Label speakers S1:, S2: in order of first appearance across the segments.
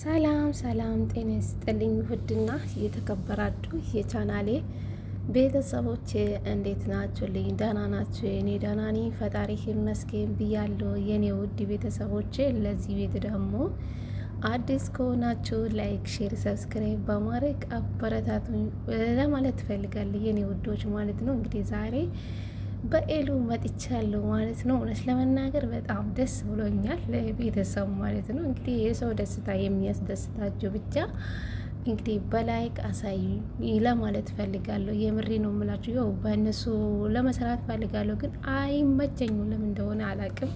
S1: ሰላም ሰላም፣ ጤና ይስጥልኝ ውድና የተከበራችሁ የቻናሌ ቤተሰቦች እንዴት ናችሁ? ልኝ ደህና ናችሁ? የኔ ደህና ነኝ ፈጣሪ ይመስገን ብያለሁ። የኔ ውድ ቤተሰቦች ለዚህ ቤት ደግሞ አዲስ ከሆናችሁ ላይክ፣ ሼር፣ ሰብስክራይብ በማድረግ አበረታቱኝ ለማለት ትፈልጋለሁ የኔ ውዶች ማለት ነው እንግዲህ ዛሬ በኤሉ መጥቻለሁ ማለት ነው። እውነት ለመናገር በጣም ደስ ብሎኛል፣ ለቤተሰቡ ማለት ነው። እንግዲህ የሰው ደስታ የሚያስደስታቸው ብቻ እንግዲህ በላይክ አሳዩ ለማለት ፈልጋለሁ። የምሬ ነው የምላችሁ። ያው በእነሱ ለመስራት ፈልጋለሁ፣ ግን አይመቸኝም፣ ለምን እንደሆነ አላቅም።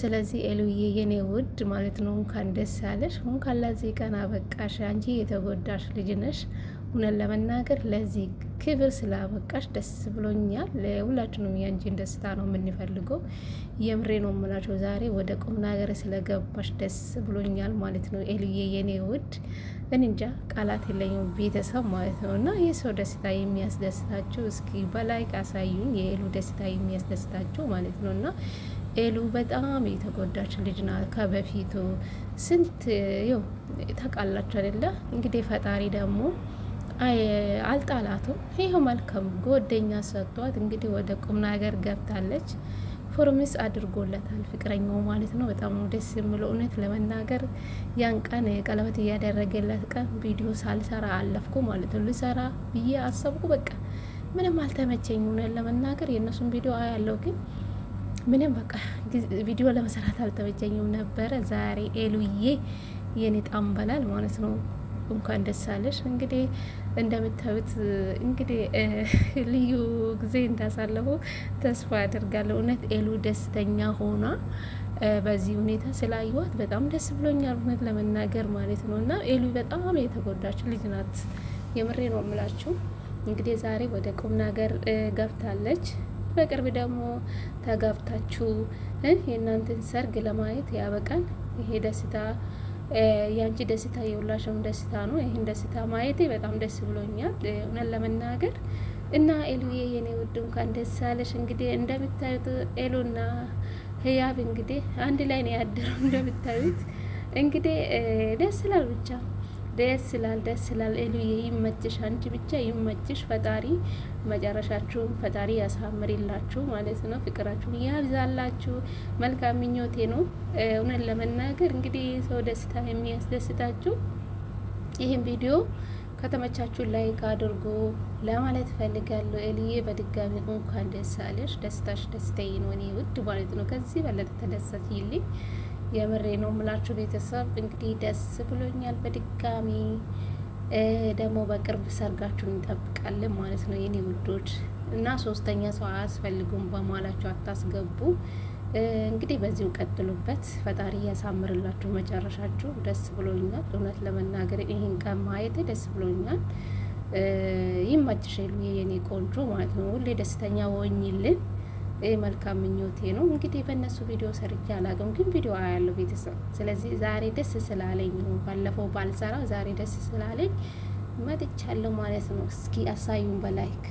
S1: ስለዚህ ኤሉዬ የኔ ውድ ማለት ነው እንኳን ደስ ያለሽ፣ እንኳን ለዚህ ቀን አበቃሽ። አንቺ የተጎዳሽ ልጅ ነሽ። እውነት ለመናገር ለዚህ ክብር ስላበቃሽ ደስ ብሎኛል። ሁላችንም ያንቺን ደስታ ነው የምንፈልገው። የምሬ ነው የምላቸው። ዛሬ ወደ ቁም ነገር ስለገባሽ ደስ ብሎኛል ማለት ነው። ኤልዬ የኔ ውድ እንጃ ቃላት የለኝም ቤተሰብ ማለት ነው። እና የሰው ደስታ የሚያስደስታቸው እስኪ በላይ ካሳዩን የኤሉ ደስታ የሚያስደስታቸው ማለት ነው እና ኤሉ በጣም የተጎዳች ልጅ ናት። ከበፊቱ ስንት ው ታውቃላችሁ አይደለ? እንግዲህ ፈጣሪ ደግሞ አልጣላትም። ይህ መልካም ጎደኛ ሰጥቷት እንግዲህ ወደ ቁም ነገር ገብታለች። ፕሮሚስ አድርጎለታል ፍቅረኛው ማለት ነው። በጣም ደስ የምለው እውነት ለመናገር ያን ቀን ቀለበት እያደረገለት ቀን ቪዲዮ ሳልሰራ አለፍኩ ማለት ነው። ልሰራ ብዬ አሰብኩ፣ በቃ ምንም አልተመቸኝ። እውነት ለመናገር የእነሱን ቪዲዮ አያለው ግን ምንም በቃ ቪዲዮ ለመሰራት አልተመቸኝም ነበረ። ዛሬ ኤሉዬ የኔ ጣም በላል ማለት ነው እንኳን ደስ አለሽ። እንግዲህ እንደምታዩት እንግዲህ ልዩ ጊዜ እንዳሳለፉ ተስፋ አደርጋለሁ። እውነት ኤሉ ደስተኛ ሆኗ በዚህ ሁኔታ ስላየኋት በጣም ደስ ብሎኛል፣ እውነት ለመናገር ማለት ነው። እና ኤሉ በጣም የተጎዳች ልጅ ናት። የምሬ ነው የምላችሁ። እንግዲህ ዛሬ ወደ ቁም ነገር ገብታለች። በቅርብ ደግሞ ተጋብታችሁ የእናንተን ሰርግ ለማየት ያበቃል። ይሄ ደስታ የአንቺ ደስታ የሁላችሁም ደስታ ነው። ይህን ደስታ ማየቴ በጣም ደስ ብሎኛል እውነት ለመናገር እና ኤሉዬ የኔ ውድ እንኳን ደስ አለሽ። እንግዲህ እንደምታዩት ኤሉና ህያብ እንግዲህ አንድ ላይ ነው ያደረው እንደምታዩት እንግዲህ ደስ ይላል ብቻ ደስ ይላል፣ ደስ ይላል። ኤሉዬ ይመችሽ፣ አንቺ ብቻ ይመችሽ። ፈጣሪ መጨረሻችሁን ፈጣሪ ያሳምርላችሁ ማለት ነው። ፍቅራችሁን ያብዛላችሁ። መልካም ምኞቴ ነው። እውነት ለመናገር እንግዲህ ሰው ደስታ የሚያስደስታችሁ ይህን ቪዲዮ ከተመቻችሁ ላይክ አድርጎ ለማለት ፈልጋለሁ። ኤልዬ በድጋሚ እንኳን ደስ አለሽ። ደስታሽ ደስታዬ ነው እኔ ውድ ማለት ነው። ከዚህ በለጠ ተደሰት ይልኝ የምሬ ነው የምላችሁ ቤተሰብ እንግዲህ ደስ ብሎኛል። በድጋሚ ደግሞ በቅርብ ሰርጋችሁን እንጠብቃለን ማለት ነው የኔ ውዶች እና ሶስተኛ ሰው አያስፈልጉም በማላቸው አታስገቡ። እንግዲህ በዚሁ ቀጥሉበት። ፈጣሪ ያሳምርላችሁ መጨረሻችሁ። ደስ ብሎኛል። እውነት ለመናገር ይህን ቀን ማየት ደስ ብሎኛል። ይመችሽ የኔ ቆንጆ ማለት ነው። ሁሌ ደስተኛ ወኝልን መልካም ምኞቴ ነው። እንግዲህ በእነሱ ቪዲዮ ሰርቼ አላውቅም፣ ግን ቪዲዮ አያለሁ ቤተሰብ። ስለዚህ ዛሬ ደስ ስላለኝ ነው፣ ባለፈው ባልሰራው ዛሬ ደስ ስላለኝ መጥቻለሁ ማለት ነው። እስኪ አሳዩን በላይክ